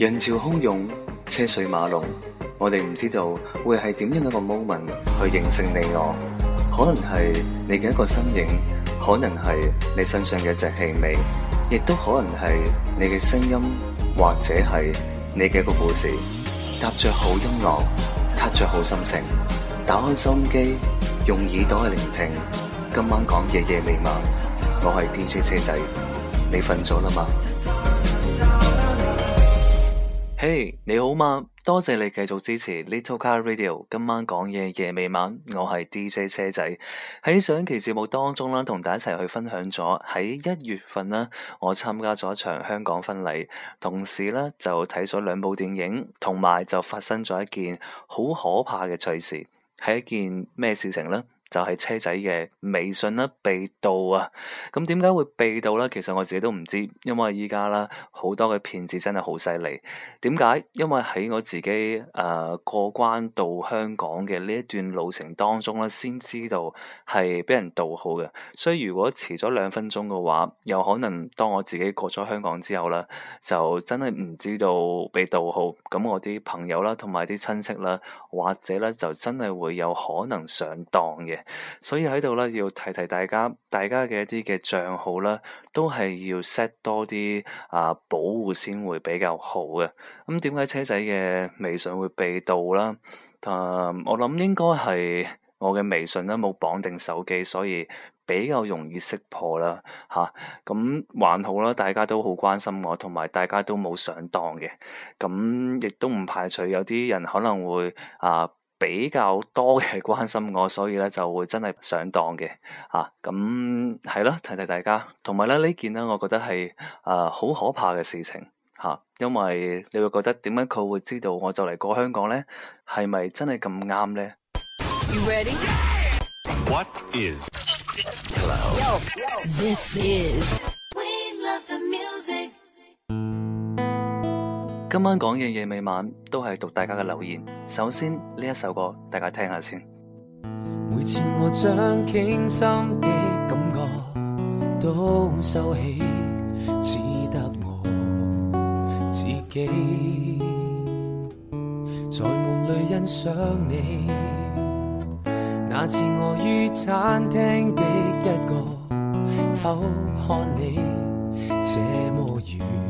人潮洶湧，車水馬龍，我哋唔知道會係點樣一個 moment 去形成你我，可能係你嘅一個身影，可能係你身上嘅隻氣味，亦都可能係你嘅聲音，或者係你嘅一個故事。搭着好音樂，踏着好心情，打開心機，用耳朵去聆聽。今晚講嘅夜未晚，我係 DJ 車仔，你瞓咗啦嘛？嘿，hey, 你好嗎！多謝你繼續支持 Little Car Radio。今晚講嘢，夜未晚，我係 DJ 車仔。喺上期節目當中呢，同大家一齊去分享咗喺一月份呢，我參加咗場香港婚禮，同時呢就睇咗兩部電影，同埋就發生咗一件好可怕嘅趣事，係一件咩事情呢？就係車仔嘅微信啦、啊，被盜啊！咁點解會被盜咧？其實我自己都唔知，因為依家啦好多嘅騙子真係好犀利。點解？因為喺我自己誒、呃、過關到香港嘅呢一段路程當中咧，先知道係俾人盜號嘅。所以如果遲咗兩分鐘嘅話，有可能當我自己過咗香港之後咧，就真係唔知道被盜號。咁我啲朋友啦、啊，同埋啲親戚啦、啊，或者咧就真係會有可能上當嘅。所以喺度咧，要提提大家，大家嘅一啲嘅賬號啦，都係要 set 多啲啊保護先會比較好嘅。咁點解車仔嘅微信會被盜啦？啊，我諗應該係我嘅微信咧冇綁定手機，所以比較容易識破啦。吓、啊，咁還好啦，大家都好關心我，同埋大家都冇上當嘅。咁、啊、亦都唔排除有啲人可能會啊。比較多嘅關心我，所以咧就會真係上當嘅，吓，咁係咯，提提大家。同埋咧呢件咧，我覺得係誒好可怕嘅事情吓，啊，因為你會覺得點解佢會知道我就嚟過香港咧？係咪真係咁啱咧？今晚講嘅夜未晚都係讀大家嘅留言。首先呢一首歌，大家聽下先。每次我將傾心嘅感覺都收起，只得我自己在夢裏欣賞你。那次我於餐廳嘅一角，否看你這麼遠。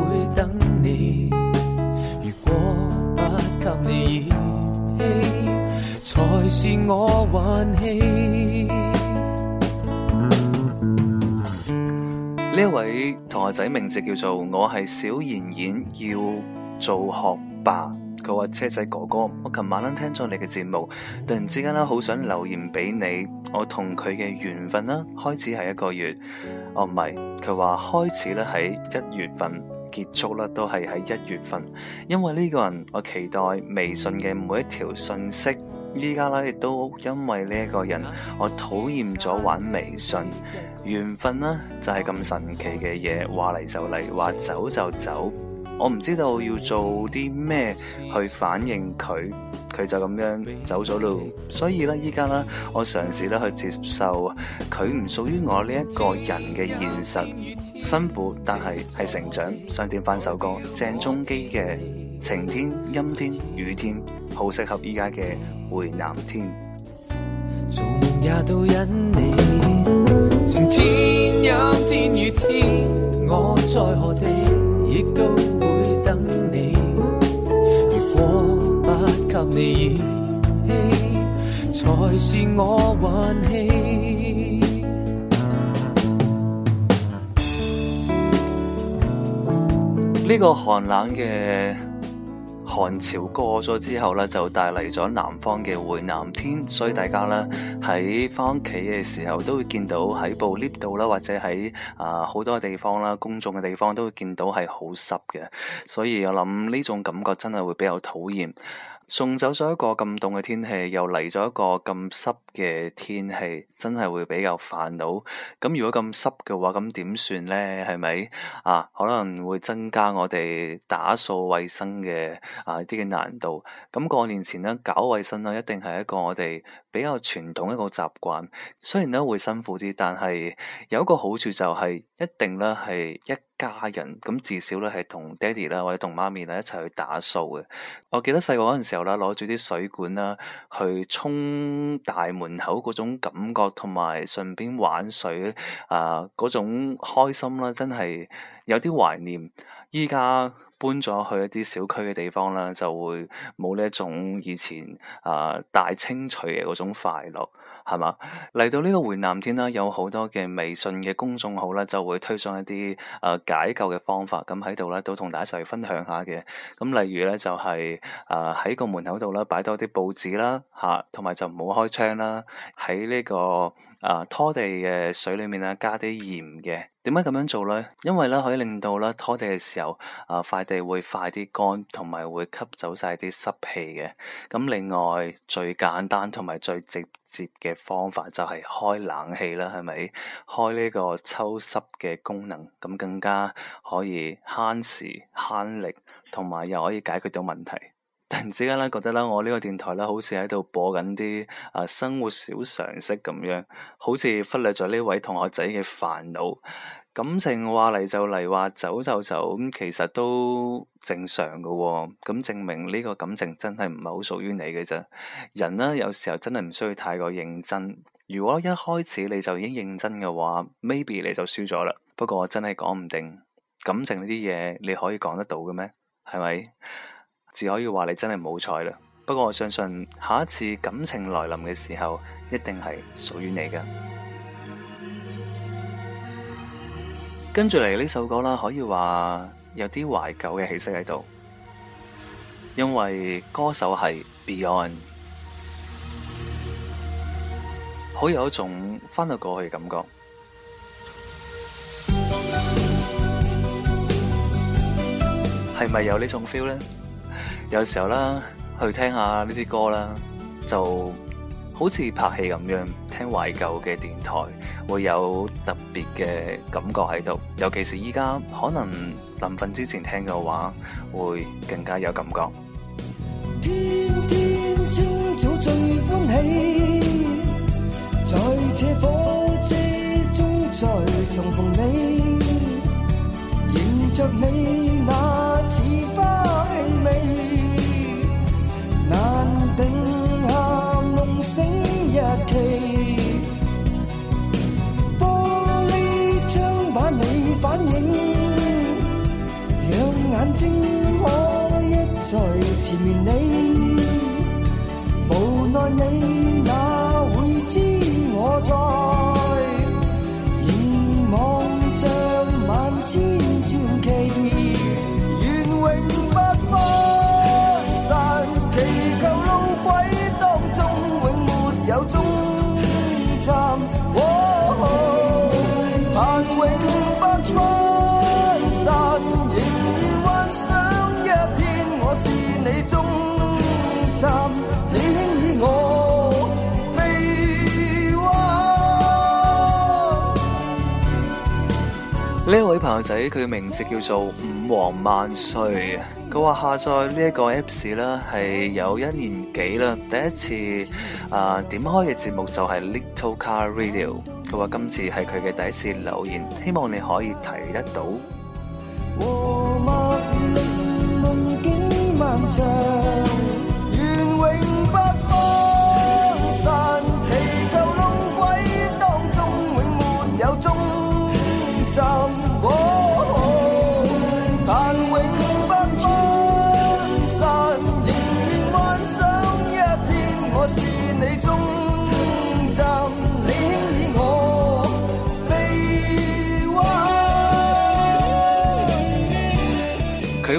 你如果不俾你演戲，才是我運氣。呢位同學仔名字叫做我係小妍妍，要做學霸。佢話車仔哥哥，我琴晚啦聽咗你嘅節目，突然之間啦好想留言俾你。我同佢嘅緣分啦，開始係一個月，哦唔係，佢話開始咧喺一月份。結束啦，都係喺一月份，因為呢個人，我期待微信嘅每一條信息。依家咧亦都因為呢一個人，我討厭咗玩微信。緣分呢，就係咁神奇嘅嘢，話嚟就嚟，話走就走。我唔知道要做啲咩去反應佢，佢就咁樣走咗咯。所以咧依家咧，我嘗試咧去接受佢唔屬於我呢一個人嘅現實。辛苦，但係係成長。想點翻首歌，鄭中基嘅《晴天陰天雨天》，好適合依家嘅回南天。做夢也都因你，晴天陰天雨天，我在何地亦都會等你。如果不給你演戲，才是我運氣。呢個寒冷嘅寒潮過咗之後呢，就帶嚟咗南方嘅回南天，所以大家呢。喺翻屋企嘅時候，都會見到喺部 lift 度啦，或者喺啊好多地方啦，公眾嘅地方都會見到係好濕嘅，所以我諗呢種感覺真係會比較討厭。送走咗一個咁凍嘅天氣，又嚟咗一個咁濕嘅天氣，真係會比較煩惱。咁如果咁濕嘅話，咁點算呢？係咪啊？可能會增加我哋打掃衞生嘅啊啲嘅難度。咁過年前呢，搞衞生咧，一定係一個我哋。比較傳統一個習慣，雖然咧會辛苦啲，但係有一個好處就係一定咧係一。家人咁至少咧係同爹哋啦或者同媽咪咧一齊去打掃嘅。我記得細個嗰陣時候啦，攞住啲水管啦去沖大門口嗰種感覺，同埋順便玩水啊嗰、呃、種開心啦，真係有啲懷念。依家搬咗去一啲小區嘅地方啦，就會冇呢一種以前啊、呃、大清除嘅嗰種快樂。係嘛？嚟到呢個回南天啦，有好多嘅微信嘅公眾號啦，就會推送一啲誒、呃、解救嘅方法，咁喺度咧都同大家一齊分享下嘅。咁例如咧就係誒喺個門口度咧擺多啲報紙啦，吓、啊，同埋就唔好開窗啦。喺呢、這個誒、呃、拖地嘅水裏面啦，加啲鹽嘅。點解咁樣做咧？因為咧可以令到咧拖地嘅時候，啊，塊地會快啲乾，同埋會吸走晒啲濕氣嘅。咁另外最簡單同埋最直接嘅方法就係開冷氣啦，係咪？開呢個抽濕嘅功能，咁更加可以慳時慳力，同埋又可以解決到問題。突然之間咧，覺得咧，我呢個電台咧，好似喺度播緊啲啊生活小常識咁樣，好似忽略咗呢位同學仔嘅煩惱。感情話嚟就嚟，話走就走，咁其實都正常㗎喎。咁證明呢個感情真係唔係好屬於你嘅啫。人呢，有時候真係唔需要太過認真。如果一開始你就已經認真嘅話，maybe 你就輸咗啦。不過我真係講唔定，感情呢啲嘢你可以講得到嘅咩？係咪？只可以話你真係冇彩啦，不過我相信下一次感情來臨嘅時候，一定係屬於你嘅。跟住嚟呢首歌啦，可以話有啲懷舊嘅氣息喺度，因為歌手係 Beyond，好有一種返到過去嘅感覺，係咪有呢種 feel 呢？有時候啦，去聽下呢啲歌啦，就好似拍戲咁樣，聽懷舊嘅電台，會有特別嘅感覺喺度。尤其是依家可能臨瞓之前聽嘅話，會更加有感覺。天天清早最歡喜，在這火車中再重逢你，迎着你那星海一再纏綿你，無奈你。呢位朋友仔，佢嘅名字叫做吾王萬歲。佢話下載呢一個 Apps 咧係有一年幾啦，第一次啊點開嘅節目就係 Little Car Radio。佢話今次係佢嘅第一次留言，希望你可以睇得到。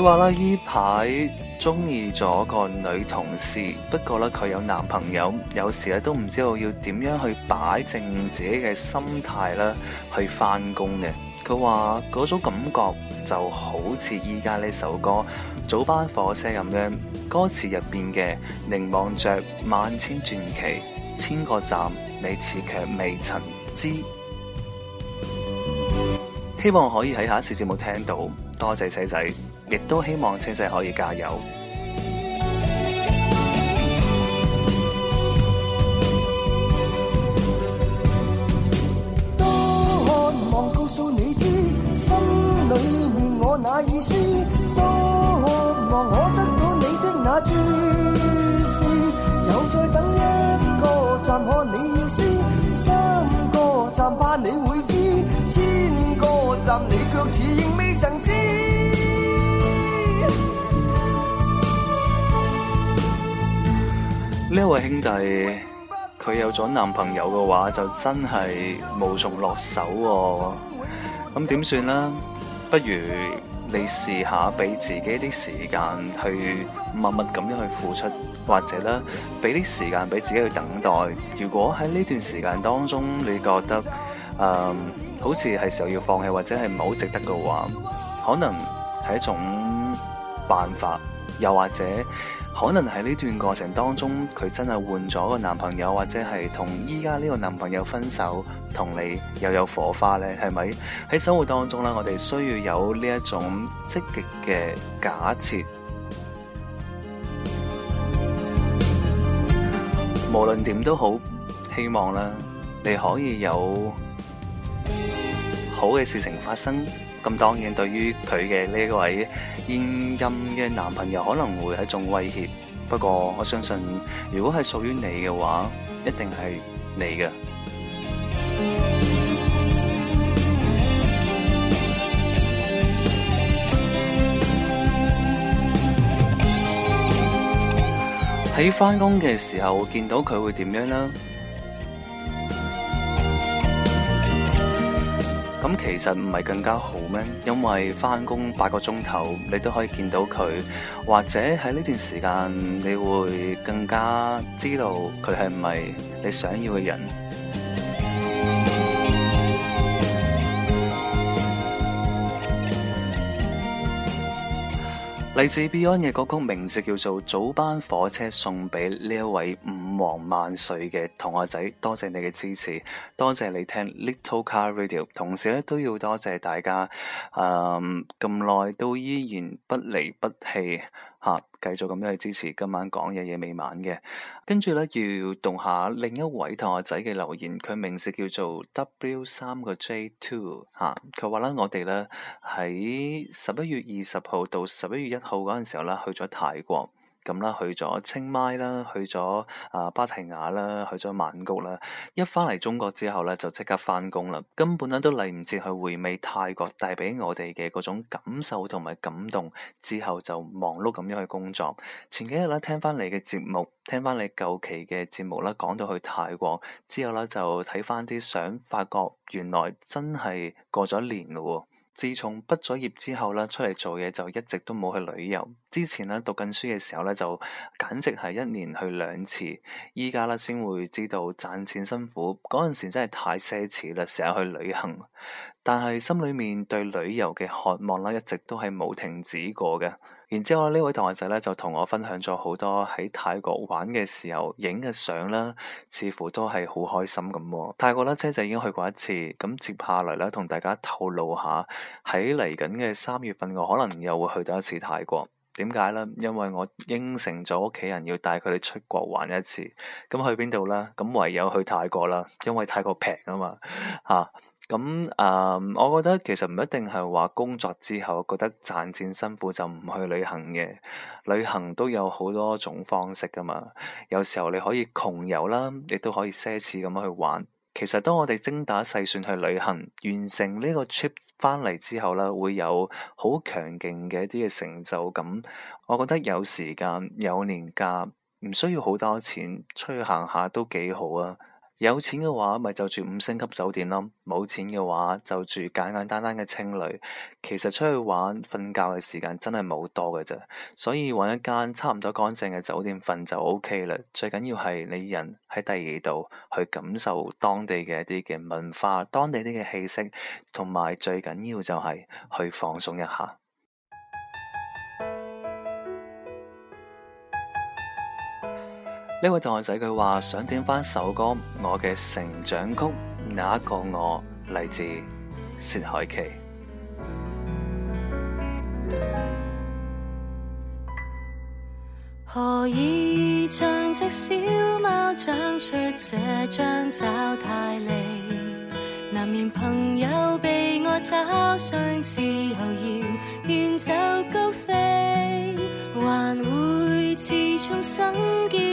話啦，呢排中意咗個女同事，不過咧佢有男朋友，有時咧都唔知道要點樣去擺正自己嘅心態啦，去翻工嘅。佢話嗰種感覺就好似依家呢首歌《早班火車》咁樣，歌詞入邊嘅凝望着萬千傳奇，千個站，你次卻未曾知。希望可以喺下一次節目聽到，多謝仔仔。亦都希望車世可以加油。 多渴望告訴你知，心裏面我那意思，多渴望我得到你的那注。是又再等一個站，看你意思，三個站怕你會知，千個站你卻似仍未曾知。呢位兄弟，佢有咗男朋友嘅話，就真係無從落手，哦。咁點算呢？不如你試下俾自己啲時間去默默咁樣去付出，或者咧俾啲時間俾自己去等待。如果喺呢段時間當中，你覺得誒、呃、好似係時候要放棄，或者係唔好值得嘅話，可能係一種辦法。又或者可能喺呢段過程當中，佢真係換咗個男朋友，或者係同依家呢個男朋友分手，同你又有火花咧，係咪？喺生活當中咧，我哋需要有呢一種積極嘅假設，無論點都好，希望啦，你可以有好嘅事情發生。咁當然，對於佢嘅呢位現任嘅男朋友，可能會係一種威脅。不過，我相信如果係屬於你嘅話，一定係你嘅。喺返工嘅時候見到佢會點樣呢？其實唔係更加好咩？因為翻工八個鐘頭，你都可以見到佢，或者喺呢段時間，你會更加知道佢係唔係你想要嘅人。來自 Beyond 嘅歌曲名字叫做《早班火車》，送俾呢一位五黃萬歲嘅同學仔。多謝你嘅支持，多謝你聽 Little Car Radio。同時咧，都要多謝大家，誒咁耐都依然不離不棄。吓，繼續咁都係支持今晚講嘢嘢未晚嘅，跟住咧要動下另一位同學仔嘅留言，佢名字叫做 W 三個 J two 吓、啊，佢話啦，我哋咧喺十一月二十號到十一月一號嗰陣時候咧去咗泰國。咁啦，去咗清邁啦，去咗啊芭提雅啦，去咗曼谷啦。一翻嚟中國之後咧，就即刻翻工啦，根本咧都嚟唔切去回味泰國帶畀我哋嘅嗰種感受同埋感動。之後就忙碌咁樣去工作。前幾日咧聽翻你嘅節目，聽翻你舊期嘅節目啦，講到去泰國之後咧，就睇翻啲相，發覺，原來真係過咗年喎。自從畢咗業之後咧，出嚟做嘢就一直都冇去旅遊。之前咧讀緊書嘅時候咧，就簡直係一年去兩次。依家咧，先會知道賺錢辛苦，嗰陣時真係太奢侈啦，成日去旅行。但係心裏面對旅遊嘅渴望啦，一直都係冇停止過嘅。然之後呢位同學仔呢，就同我分享咗好多喺泰國玩嘅時候影嘅相啦，似乎都係好開心咁喎。泰國呢，車仔已經去過一次，咁接下來呢，同大家透露下，喺嚟緊嘅三月份，我可能又會去到一次泰國。點解呢？因為我應承咗屋企人要帶佢哋出國玩一次。咁去邊度呢？咁唯有去泰國啦，因為泰國平啊嘛，嚇、啊。咁啊、嗯，我覺得其實唔一定係話工作之後覺得賺錢辛苦就唔去旅行嘅，旅行都有好多種方式㗎嘛。有時候你可以窮遊啦，亦都可以奢侈咁去玩。其實當我哋精打細算去旅行，完成呢個 trip 返嚟之後咧，會有好強勁嘅一啲嘅成就感。我覺得有時間有年假，唔需要好多錢出去行下都幾好啊。有錢嘅話，咪就住五星級酒店咯；冇錢嘅話，就住簡簡單單嘅青旅。其實出去玩，瞓覺嘅時間真係冇多嘅啫，所以揾一間差唔多乾淨嘅酒店瞓就 OK 啦。最緊要係你人喺第二度去感受當地嘅一啲嘅文化、當地啲嘅氣息，同埋最緊要就係去放鬆一下。呢位同學仔佢話想點翻首歌《我嘅成長曲》，那一個我嚟自薛凱琪。何以像隻小貓長出這張爪太利？難免朋友被我抓傷自由，之後要遠走高飛，還會自重生。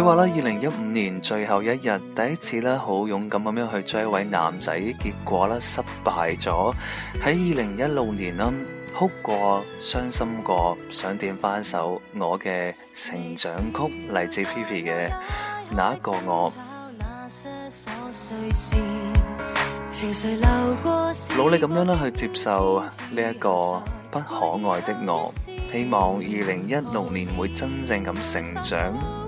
佢話啦，二零一五年最後一日，第一次咧好勇敢咁樣去追一位男仔，結果咧失敗咗。喺二零一六年啦，哭過，傷心過，想點翻首我嘅成長曲，嚟自 Pipi 嘅那一個我，努力咁樣咧去接受呢一個不可愛的我，希望二零一六年會真正咁成長。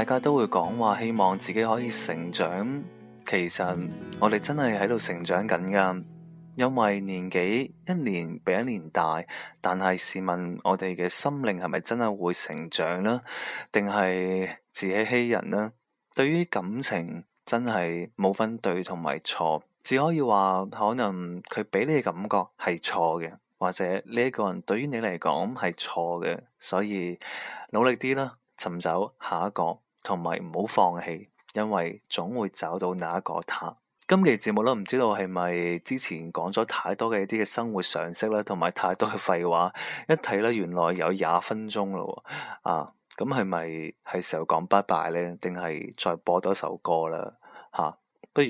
大家都會講話希望自己可以成長，其實我哋真係喺度成長緊噶，因為年紀一年比一年大，但係試問我哋嘅心靈係咪真係會成長呢？定係自欺欺人呢？對於感情，真係冇分對同埋錯，只可以話可能佢俾你嘅感覺係錯嘅，或者呢一個人對於你嚟講係錯嘅，所以努力啲啦，尋找下一個。同埋唔好放棄，因為總會找到那一個他。今期節目都唔知道係咪之前講咗太多嘅一啲嘅生活常識啦，同埋太多嘅廢話。一睇咧，原來有廿分鐘啦，啊，咁係咪係時候講拜拜咧？定係再播多首歌啦？吓，啊，不如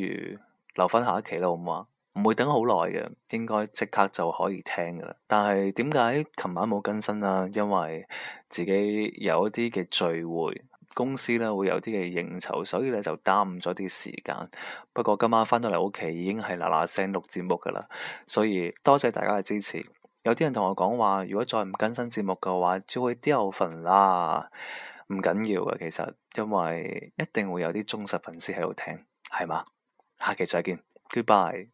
留翻下一期啦，好唔好啊？唔會等好耐嘅，應該即刻就可以聽噶啦。但係點解琴晚冇更新啊？因為自己有一啲嘅聚會。公司咧會有啲嘅應酬，所以咧就耽誤咗啲時間。不過今晚翻到嚟屋企已經係嗱嗱聲錄節目㗎啦，所以多謝大家嘅支持。有啲人同我講話，如果再唔更新節目嘅話，就會掉粉啦。唔緊要嘅，其實因為一定會有啲忠實粉絲喺度聽，係嘛？下期再見，Goodbye。